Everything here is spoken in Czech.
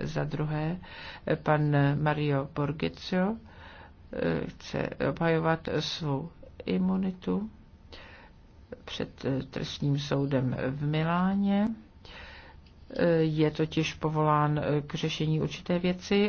Za druhé, pan Mario Borgizio eh, chce obhajovat svou imunitu před eh, trestním soudem v Miláně. Eh, je totiž povolán k řešení určité věci